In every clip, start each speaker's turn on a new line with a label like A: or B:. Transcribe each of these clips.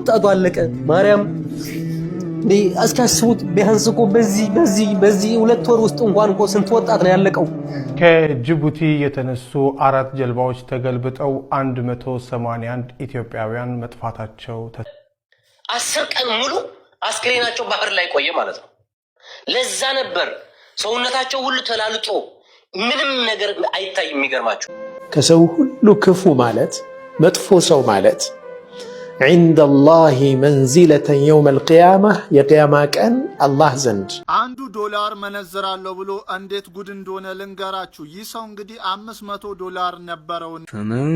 A: ወጣቱ አለቀ። ማርያም እስኪያስቡት ቢያንስ እኮ በዚህ በዚህ በዚህ ሁለት ወር ውስጥ እንኳን እኮ ስንት ወጣት ነው ያለቀው።
B: ከጅቡቲ የተነሱ አራት ጀልባዎች ተገልብጠው 181 ኢትዮጵያውያን መጥፋታቸው
C: አስር ቀን ሙሉ አስክሬናቸው ባህር ላይ ቆየ ማለት ነው። ለዛ ነበር ሰውነታቸው ሁሉ ተላልጦ ምንም ነገር አይታይ። የሚገርማቸው
D: ከሰው ሁሉ ክፉ ማለት መጥፎ ሰው ማለት ዒንደላሂ መንዚለተን የውመል ቅያማ የቅያማ ቀን አላህ ዘንድ
E: አንዱ ዶላር መነዝራለሁ ብሎ እንዴት ጉድ እንደሆነ ልንገራችሁ። ይህ ሰው እንግዲህ አምስት መቶ ዶላር ነበረውን።
F: ፈመን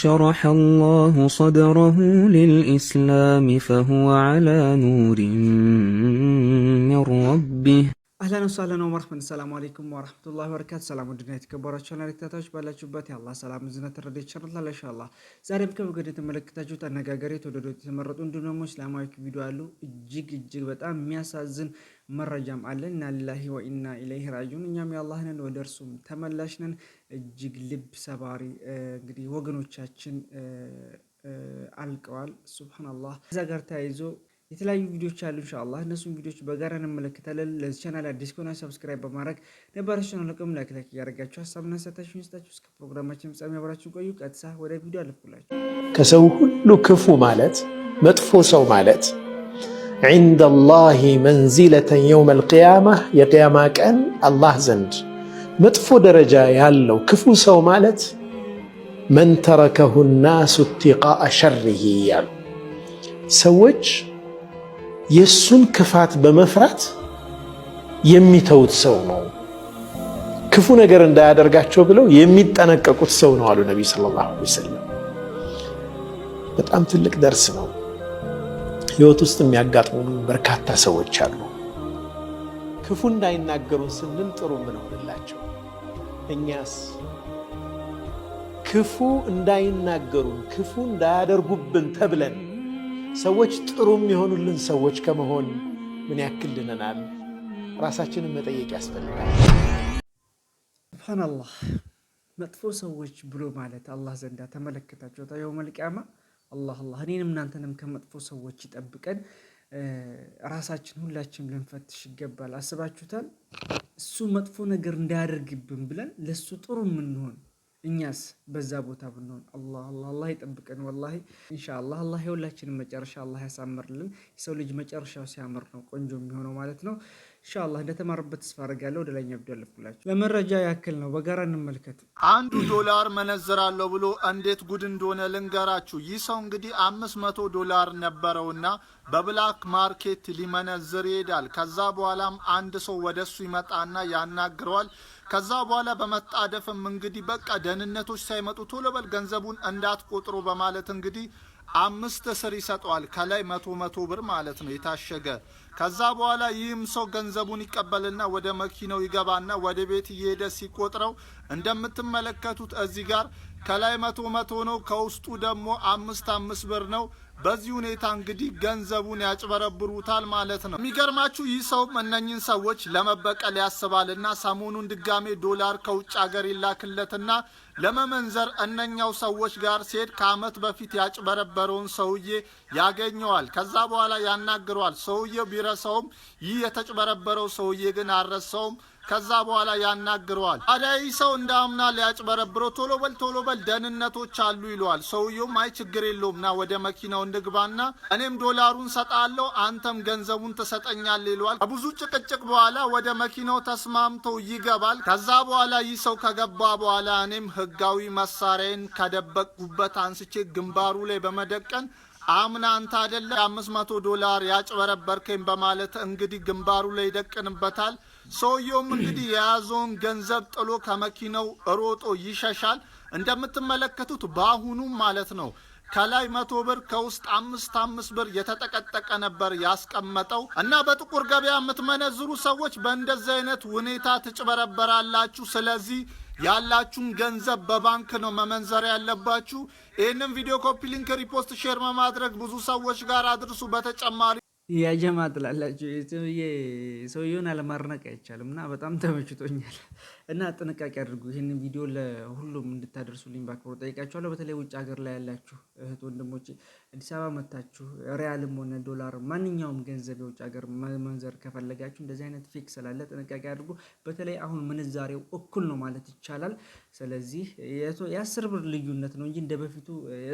F: ሸረሐ አላሁ ሰድረሁ ሊልኢስላሚ ፈሁወ ዐላ ኑሪን ሚን ረቢህ
G: አህለን ወሳህለን ወመርሐበን ሰላሙ አለይኩም ወራህመቱላሂ ወበረካቱ። ሰላም ውድና የተከበራችሁ ተከታታዮች ባላችሁበት የአላህ ሰላም እዝነት ተረድኤት ቸርነት ኢንሻአላህ። ዛሬም ከመገድ የተመለከታችሁት አነጋገር የተወደዱት የተመረጡ እንዲሁም ደግሞ እስላማዊ ቪዲዮ አሉ። እጅግ እጅግ በጣም የሚያሳዝን መረጃም አለን። ኢና ሊላሂ ወኢና ኢለይሂ ራጂዑን እኛም የአላህ ወደ እርሱም ተመላሽ ነን። እጅግ ልብ ሰባሪ እንግዲህ ወገኖቻችን አልቀዋል። ሱብሃነላህ ከዛ ጋር ተያይዞ የተለያዩ ቪዲዮዎች አሉ ኢንሻአላህ እነሱን ቪዲዮዎች በጋራ እንመለከታለን። ለዚህ ቻናል አዲስ ከሆነ ሰብስክራይብ በማድረግ ነባሮች ቻናል ለቀም ላይክ ላይክ እያደረጋችሁ ሀሳብና ሰታችሁ ንስታችሁ እስከ ፕሮግራማችን ፍጻሜ አብራችሁ ቆዩ። ቀጥታ ወደ ቪዲዮ አለፍኩላችሁ።
D: ከሰው ሁሉ ክፉ ማለት መጥፎ ሰው ማለት ዐንደ ላሂ መንዚለተን የውመል ቂያማ የቂያማ ቀን አላህ ዘንድ መጥፎ ደረጃ ያለው ክፉ ሰው ማለት መን ተረከሁ ናሱ ኢብቲቃአ ሸሪሂ ያሉ ሰዎች የእሱን ክፋት በመፍራት የሚተውት ሰው ነው። ክፉ ነገር እንዳያደርጋቸው ብለው የሚጠነቀቁት ሰው ነው አሉ ነቢዩ ሰለላሁ ዐለይሂ ወሰለም። በጣም ትልቅ ደርስ ነው። ህይወት ውስጥ የሚያጋጥሙ በርካታ ሰዎች አሉ። ክፉ እንዳይናገሩን ስንል ጥሩ ምንሆንላቸው። እኛስ ክፉ እንዳይናገሩን ክፉ እንዳያደርጉብን ተብለን ሰዎች ጥሩ የሚሆኑልን ሰዎች ከመሆን ምን ያክል ድነናል? ራሳችንን መጠየቅ ያስፈልጋል።
G: ሱብሓነላህ መጥፎ ሰዎች ብሎ ማለት አላህ ዘንዳ ተመለከታቸው ታየው መልቅያማ አላህ አላህ እኔንም እናንተንም ከመጥፎ ሰዎች ይጠብቀን። ራሳችን ሁላችንም ልንፈትሽ ይገባል። አስባችሁታል? እሱ መጥፎ ነገር እንዳያደርግብን ብለን ለእሱ ጥሩ የምንሆን እኛስ በዛ ቦታ ብንሆን አላህ አላህ አላህ ይጠብቀን። ወላሂ ኢንሻአላህ አላህ የሁላችንም መጨረሻ አላህ ያሳምርልን። የሰው ልጅ መጨረሻው ሲያምር ነው ቆንጆ የሚሆነው ማለት ነው። ኢንሻላህ እንደተማርበት ተስፋ አድርጋለሁ። ወደ ላይኛ ቪዲዮ አለፍኩላችሁ። ለመረጃ ያክል ነው፣ በጋራ እንመልከት።
H: አንዱ ዶላር መነዝራለሁ ብሎ እንዴት ጉድ እንደሆነ ልንገራችሁ። ይህ ሰው እንግዲህ አምስት መቶ ዶላር ነበረውና በብላክ ማርኬት ሊመነዝር ይሄዳል። ከዛ በኋላም አንድ ሰው ወደሱ ይመጣና ያናግረዋል። ከዛ በኋላ በመጣደፍም እንግዲህ በቃ ደህንነቶች ሳይመጡ ቶሎ በል ገንዘቡን እንዳትቆጥሩ በማለት እንግዲህ አምስት ስር ይሰጠዋል። ከላይ መቶ መቶ ብር ማለት ነው የታሸገ። ከዛ በኋላ ይህም ሰው ገንዘቡን ይቀበልና ወደ መኪናው ይገባና ወደ ቤት እየሄደ ሲቆጥረው እንደምትመለከቱት እዚህ ጋር ከላይ መቶ መቶ ነው፣ ከውስጡ ደግሞ አምስት አምስት ብር ነው። በዚህ ሁኔታ እንግዲህ ገንዘቡን ያጭበረብሩታል ማለት ነው። የሚገርማችሁ ይህ ሰው እነኝን ሰዎች ለመበቀል ያስባልና ሰሞኑን ድጋሜ ዶላር ከውጭ ሀገር ይላክለትና ለመመንዘር እነኛው ሰዎች ጋር ሲሄድ ከዓመት በፊት ያጭበረበረውን ሰውዬ ያገኘዋል። ከዛ በኋላ ያናግረዋል። ሰውዬው ቢረሳውም ይህ የተጭበረበረው ሰውዬ ግን አልረሳውም። ከዛ በኋላ ያናግረዋል። ታዲያ ይህ ሰው እንደ አምና ሊያጭበረብረው ቶሎ በል ቶሎ በል ደህንነቶች አሉ ይለዋል። ሰውየውም አይ ችግር የለውም ና ወደ መኪናው እንግባና እኔም ዶላሩን ሰጣለሁ አንተም ገንዘቡን ትሰጠኛል ይለዋል። ከብዙ ጭቅጭቅ በኋላ ወደ መኪናው ተስማምተው ይገባል። ከዛ በኋላ ይህ ሰው ከገባ በኋላ እኔም ህጋዊ መሳሪያን ከደበቅኩበት አንስቼ ግንባሩ ላይ በመደቀን አምና አንተ አደለ አምስት መቶ ዶላር ያጭበረበርከኝ በማለት እንግዲህ ግንባሩ ላይ ይደቅንበታል። ሰውየውም እንግዲህ የያዘውን ገንዘብ ጥሎ ከመኪናው ሮጦ ይሸሻል። እንደምትመለከቱት በአሁኑ ማለት ነው ከላይ መቶ ብር ከውስጥ አምስት አምስት ብር የተጠቀጠቀ ነበር ያስቀመጠው እና በጥቁር ገበያ የምትመነዝሩ ሰዎች በእንደዚህ አይነት ሁኔታ ትጭበረበራላችሁ። ስለዚህ ያላችሁን ገንዘብ በባንክ ነው መመንዘር ያለባችሁ። ይህንም ቪዲዮ ኮፒ ሊንክ፣ ሪፖስት፣ ሼር በማድረግ ብዙ ሰዎች ጋር አድርሱ። በተጨማሪ
G: ያጀማ ጥላላችሁ ሰውየውን አለማድነቅ አይቻልም። እና በጣም ተመችቶኛል እና ጥንቃቄ አድርጉ። ይህን ቪዲዮ ለሁሉም እንድታደርሱልኝ በአክብሮ ጠይቃችኋለሁ። በተለይ ውጭ ሀገር ላይ ያላችሁ እህት ወንድሞቼ፣ አዲስ አበባ መታችሁ ሪያልም ሆነ ዶላር፣ ማንኛውም ገንዘብ የውጭ ሀገር መንዘር ከፈለጋችሁ እንደዚህ አይነት ፊክስ ስላለ ጥንቃቄ አድርጉ። በተለይ አሁን ምንዛሬው እኩል ነው ማለት ይቻላል። ስለዚህ የአስር ብር ልዩነት ነው እንጂ እንደ በፊቱ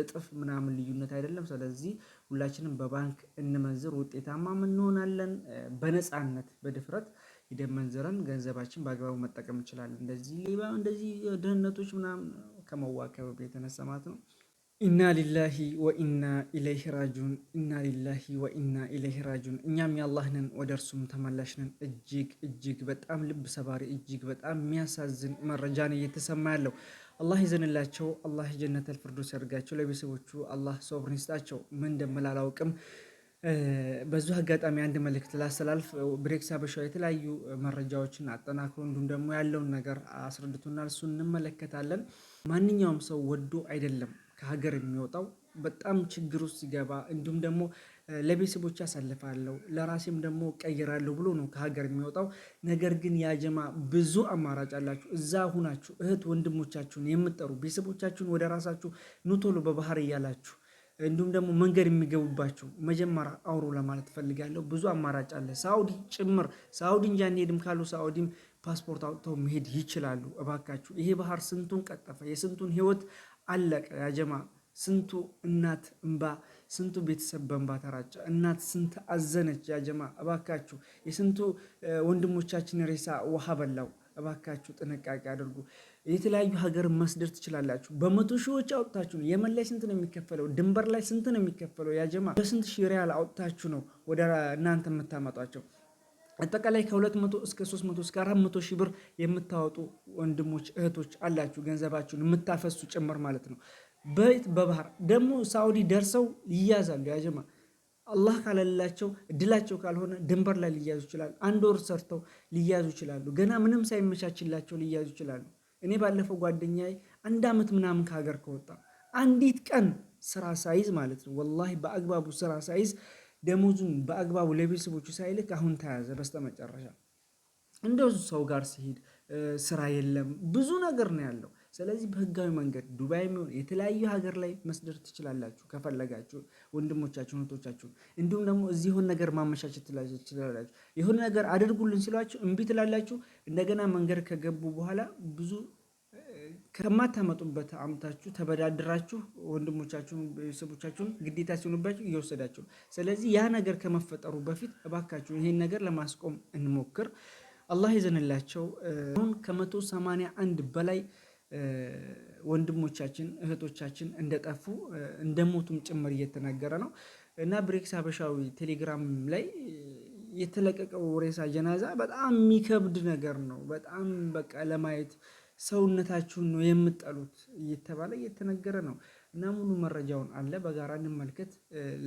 G: እጥፍ ምናምን ልዩነት አይደለም። ስለዚህ ሁላችንም በባንክ እንመንዝር፣ ውጤታማ እንሆናለን። በነፃነት በድፍረት ሂደን መንዝረን ገንዘባችን በአግባቡ መጠቀም እንችላለን። እንደዚህ ሌባ እንደዚህ ድህነቶች ምናምን ከመዋከብ የተነሳ ማለት ነው። ኢና ሊላሂ ወኢና ኢለይህ ራጁን ኢና ሊላሂ ወኢና ኢለይህ ራጁን። እኛም የአላህ ነን ወደ እርሱም ተመላሽ ነን። እጅግ እጅግ በጣም ልብ ሰባሪ እጅግ በጣም የሚያሳዝን መረጃ ነው እየተሰማ ያለው። አላህ ይዘንላቸው። አላህ ጀነት አልፍርዶስ ያድርጋቸው። ለቤተሰቦቹ አላህ ሶብርን ይስጣቸው። ምን እንደምል አላውቅም። በዙ አጋጣሚ አንድ መልእክት ላስተላልፍ። ብሬክስ ሀበሻ የተለያዩ መረጃዎችን አጠናክሮ እንዲሁም ደግሞ ያለውን ነገር አስረድቶናል። እሱ እንመለከታለን። ማንኛውም ሰው ወዶ አይደለም ከሀገር የሚወጣው በጣም ችግር ውስጥ ሲገባ እንዲሁም ደግሞ ለቤተሰቦች ያሳልፋለሁ ለራሴም ደግሞ ቀይራለሁ ብሎ ነው ከሀገር የሚወጣው። ነገር ግን ያጀማ ብዙ አማራጭ አላችሁ። እዛ ሁናችሁ እህት ወንድሞቻችሁን የምጠሩ ቤተሰቦቻችሁን ወደ ራሳችሁ ኑቶሎ በባህር እያላችሁ እንዲሁም ደግሞ መንገድ የሚገቡባቸው መጀመሪያ አውሮ ለማለት ፈልጋለሁ። ብዙ አማራጭ አለ። ሳኡዲ ጭምር ሳኡዲ እንጂ አንሄድም ካሉ ሳኡዲም ፓስፖርት አውጥተው መሄድ ይችላሉ። እባካችሁ ይሄ ባህር ስንቱን ቀጠፈ፣ የስንቱን ህይወት አለቀ። ያጀማ ስንቱ እናት እንባ ስንቱ ቤተሰብ በእንባ ተራጨ። እናት ስንት አዘነች። ያጀማ እባካችሁ የስንቱ ወንድሞቻችን ሬሳ ውሃ በላው። እባካችሁ ጥንቃቄ አድርጉ። የተለያዩ ሀገር መስደር ትችላላችሁ። በመቶ ሺዎች አውጥታችሁ ነው። የመን ላይ ስንት ነው የሚከፈለው? ድንበር ላይ ስንት ነው የሚከፈለው? ያጀማ በስንት ሺ ሪያል አውጥታችሁ ነው ወደ እናንተ የምታመጧቸው? አጠቃላይ ከ200 እስከ 300 እስከ 400 ሺህ ብር የምታወጡ ወንድሞች እህቶች አላችሁ፣ ገንዘባችሁን የምታፈሱ ጭምር ማለት ነው። በት በባህር ደግሞ ሳውዲ ደርሰው ይያዛሉ። ያጀማ አላህ ካለላቸው እድላቸው ካልሆነ ድንበር ላይ ሊያዙ ይችላሉ። አንድ ወር ሰርተው ሊያዙ ይችላሉ። ገና ምንም ሳይመቻችላቸው ሊያዙ ይችላሉ። እኔ ባለፈው ጓደኛዬ አንድ ዓመት ምናምን ከሀገር ከወጣ አንዲት ቀን ስራ ሳይዝ ማለት ነው ወላሂ በአግባቡ ስራ ሳይዝ ደሞዙን በአግባቡ ለቤተሰቦቹ ሳይልክ አሁን ተያዘ። በስተመጨረሻ እንደው ሰው ጋር ሲሄድ ስራ የለም ብዙ ነገር ነው ያለው ስለዚህ በህጋዊ መንገድ ዱባይ የሚሆን የተለያዩ ሀገር ላይ መስደር ትችላላችሁ ከፈለጋችሁ ወንድሞቻችሁን እህቶቻችሁን። እንዲሁም ደግሞ እዚህ የሆነ ነገር ማመቻቸት ትችላላችሁ። የሆነ ነገር አድርጉልን ሲሏችሁ እምቢ ትላላችሁ። እንደገና መንገድ ከገቡ በኋላ ብዙ ከማታመጡበት አምታችሁ ተበዳድራችሁ ወንድሞቻችሁን ቤተሰቦቻችሁን ግዴታ ሲሆኑባችሁ እየወሰዳችሁ ነው። ስለዚህ ያ ነገር ከመፈጠሩ በፊት እባካችሁ ይሄን ነገር ለማስቆም እንሞክር። አላህ ይዘንላቸው። አሁን ከመቶ ሰማንያ አንድ በላይ ወንድሞቻችን እህቶቻችን እንደጠፉ እንደሞቱም ጭምር እየተናገረ ነው እና ብሬክስ ሀበሻዊ ቴሌግራም ላይ የተለቀቀው ሬሳ ጀናዛ በጣም የሚከብድ ነገር ነው። በጣም በቃ ለማየት ሰውነታችሁን ነው የምጠሉት እየተባለ እየተነገረ ነው እና ሙሉ መረጃውን አለ በጋራ እንመልከት።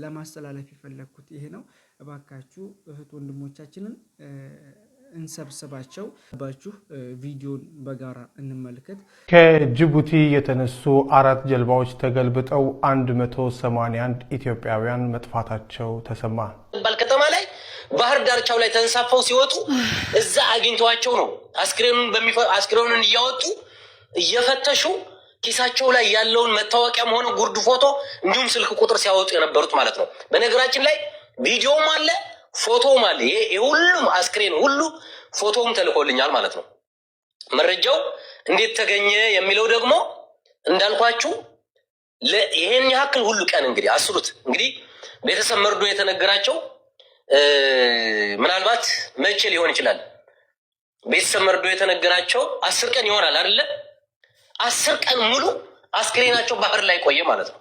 G: ለማስተላለፍ የፈለግኩት ይሄ ነው። እባካችሁ እህት ወንድሞቻችንን እንሰብስባቸው ባችሁ ቪዲዮን በጋራ እንመልከት።
B: ከጅቡቲ የተነሱ አራት ጀልባዎች ተገልብጠው 181 ኢትዮጵያውያን መጥፋታቸው ተሰማ።
C: ባል ከተማ ላይ ባህር ዳርቻው ላይ ተንሳፈው ሲወጡ እዛ አግኝተዋቸው ነው አስክሬኑን እያወጡ እየፈተሹ ኪሳቸው ላይ ያለውን መታወቂያም ሆነ ጉርድ ፎቶ እንዲሁም ስልክ ቁጥር ሲያወጡ የነበሩት ማለት ነው። በነገራችን ላይ ቪዲዮም አለ ፎቶም አለ። ይሄ የሁሉም አስክሬን ሁሉ ፎቶም ተልኮልኛል ማለት ነው። መረጃው እንዴት ተገኘ የሚለው ደግሞ እንዳልኳችሁ ይሄን ያክል ሁሉ ቀን እንግዲህ አስሩት እንግዲህ ቤተሰብ መርዶ የተነገራቸው ምናልባት መቼ ሊሆን ይችላል? ቤተሰብ መርዶ የተነገራቸው አስር ቀን ይሆናል አይደለ? አስር ቀን ሙሉ አስክሬናቸው ባህር ላይ ቆየ ማለት ነው።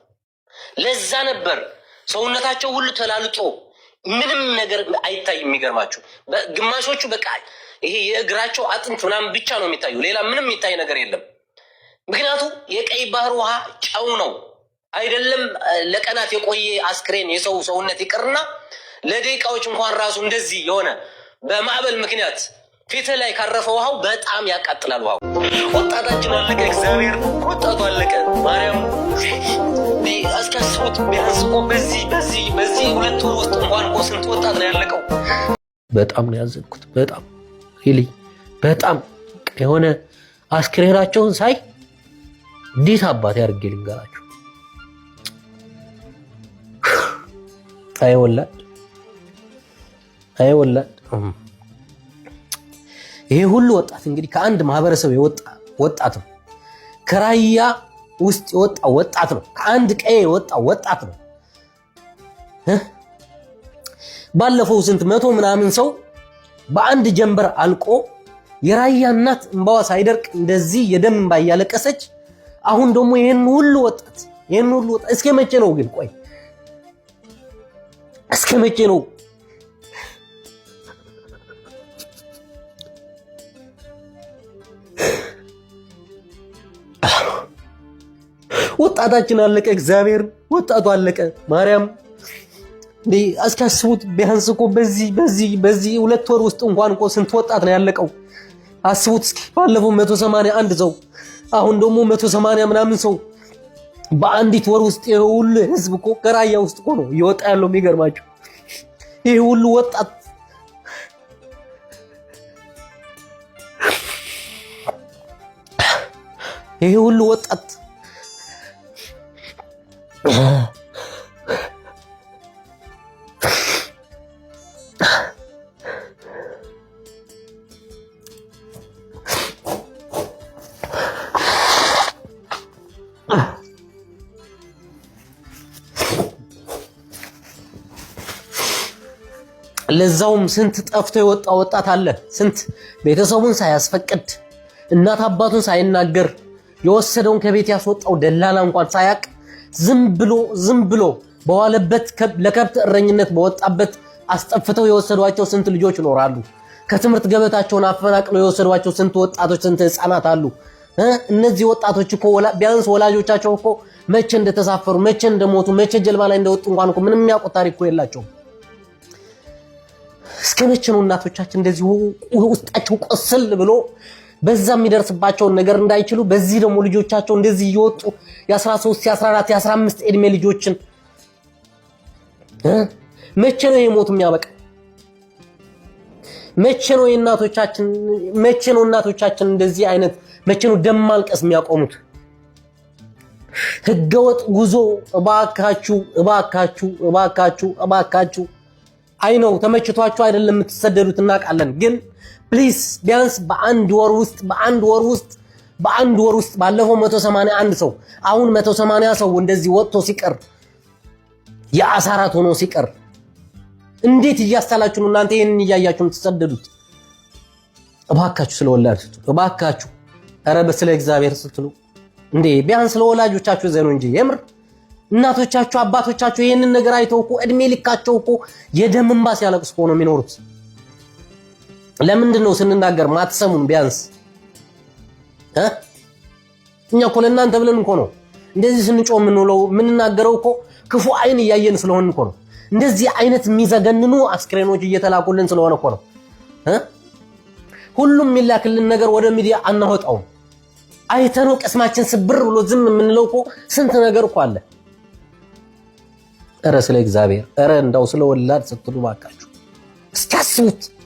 C: ለዛ ነበር ሰውነታቸው ሁሉ ተላልጦ ምንም ነገር አይታይም። የሚገርማችሁ ግማሾቹ በቃ ይሄ የእግራቸው አጥንት ምናምን ብቻ ነው የሚታዩ፣ ሌላ ምንም የሚታይ ነገር የለም። ምክንያቱ የቀይ ባህር ውሃ ጨው ነው አይደለም። ለቀናት የቆየ አስክሬን የሰው ሰውነት ይቅርና ለደቂቃዎች እንኳን ራሱ እንደዚህ የሆነ በማዕበል ምክንያት ፊት ላይ ካረፈ ውሃው በጣም ያቃጥላል። ውሃው
A: ወጣታችን አለቀ፣ እግዚአብሔር ወጣቱ አለቀ። ማርያም እስኪ አስቡት፣ ቢያንስ እኮ በዚህ በዚህ በዚህ ሁለት ወር ውስጥ እንኳን እኮ ስንት ወጣት ነው ያለቀው። በጣም ነው ያዘንኩት። በጣም ሪሊ በጣም የሆነ አስክሬናቸውን ሳይ እንዴት አባቴ አድርጌ ልንገራቸው። አይወላድ አይወላድ ይሄ ሁሉ ወጣት እንግዲህ ከአንድ ማህበረሰብ የወጣ ወጣት ነው። ከራያ ውስጥ የወጣ ወጣት ነው። ከአንድ ቀዬ የወጣ ወጣት ነው። ባለፈው ስንት መቶ ምናምን ሰው በአንድ ጀንበር አልቆ የራያ እናት እንባዋ ሳይደርቅ እንደዚህ የደም እንባ እያለቀሰች፣ አሁን ደግሞ ይህን ሁሉ ወጣት ይህን ሁሉ ወጣት እስከ መቼ ነው ግን? ቆይ እስከ መቼ ነው ወጣታችን አለቀ። እግዚአብሔር ወጣቱ አለቀ። ማርያም እንዴ እስኪያስቡት ቢያንስ እኮ በዚህ በዚህ በዚህ ሁለት ወር ውስጥ እንኳን እኮ ስንት ወጣት ነው ያለቀው? አስቡት እስኪ ባለፈው አንድ ሰው አሁን ደግሞ መቶ 180 ምናምን ሰው በአንዲት ወር ውስጥ ይሄ ሁሉ ህዝብ እኮ ከራያ ውስጥ እኮ ነው እየወጣ ያለው። የሚገርማቸው ይሄ ሁሉ ወጣት ይሄ ሁሉ ወጣት ለዛውም ስንት ጠፍቶ የወጣ ወጣት አለ። ስንት ቤተሰቡን ሳያስፈቅድ እናት አባቱን ሳይናገር የወሰደውን ከቤት ያስወጣው ደላላ እንኳን ሳያቅ ዝም ብሎ ዝም ብሎ በዋለበት ለከብት እረኝነት በወጣበት አስጠፍተው የወሰዷቸው ስንት ልጆች ይኖራሉ። ከትምህርት ገበታቸውን አፈናቅለው የወሰዷቸው ስንት ወጣቶች፣ ስንት ህፃናት አሉ። እነዚህ ወጣቶች እኮ ቢያንስ ወላጆቻቸው እኮ መቼ እንደተሳፈሩ መቼ እንደሞቱ መቼ ጀልባ ላይ እንደወጡ እንኳን እኮ ምንም የሚያውቁት ታሪክ እኮ የላቸውም። እስከ መቼ ነው እናቶቻችን እንደዚህ ውስጣቸው ቆስል ብሎ በዛ የሚደርስባቸውን ነገር እንዳይችሉ በዚህ ደግሞ ልጆቻቸው እንደዚህ እየወጡ የ13 የ14 የ15 ዕድሜ ልጆችን መቼ ነው የሞት የሚያበቃ? መቼ ነው የእናቶቻችን መቼ ነው እናቶቻችን እንደዚህ አይነት መቼ ነው ደም ማልቀስ የሚያቆሙት? ህገወጥ ጉዞ እባካችሁ እባካችሁ እባካችሁ እባካችሁ። አይ ነው ተመችቷችሁ አይደለም የምትሰደዱት እናውቃለን፣ ግን ፕሊስ ቢያንስ በአንድ ወር ውስጥ በአንድ ወር ውስጥ በአንድ ወር ውስጥ ባለፈው 181 ሰው አሁን 180 ሰው እንደዚህ ወጥቶ ሲቀር የአሳራት ሆኖ ሲቀር እንዴት እያስታላችሁ ነው እናንተ ይሄንን እያያችሁ የምትሰደዱት? እባካችሁ ስለወላጅ ወላጅ ስትሉ እባካችሁ፣ ኧረ ስለ እግዚአብሔር ስትሉ እንዴ ቢያንስ ለወላጆቻችሁ ዘኑ እንጂ የምር እናቶቻችሁ አባቶቻችሁ ይህንን ነገር አይተው እኮ እድሜ ልካቸው እኮ የደም እንባ ሲያለቅስ እኮ ነው የሚኖሩት። ለምንድን ነው ስንናገር ማትሰሙን? ቢያንስ እኛ እኮ ለእናንተ ብለን እኮ ነው እንደዚህ ስንጮህ የምንውለው። የምንናገረው እኮ ክፉ አይን እያየን ስለሆን እኮ ነው። እንደዚህ አይነት የሚዘገንኑ አስክሬኖች እየተላኩልን ስለሆነ እኮ ነው። ሁሉም የሚላክልን ነገር ወደ ሚዲያ አናወጣውም። አይተነው ቅስማችን ስብር ብሎ ዝም የምንለው እኮ ስንት ነገር እኮ አለ። ኧረ ስለ እግዚአብሔር ኧረ እንዳው ስለ ወላድ ስትሉ ባካችሁ እስኪ አስቡት።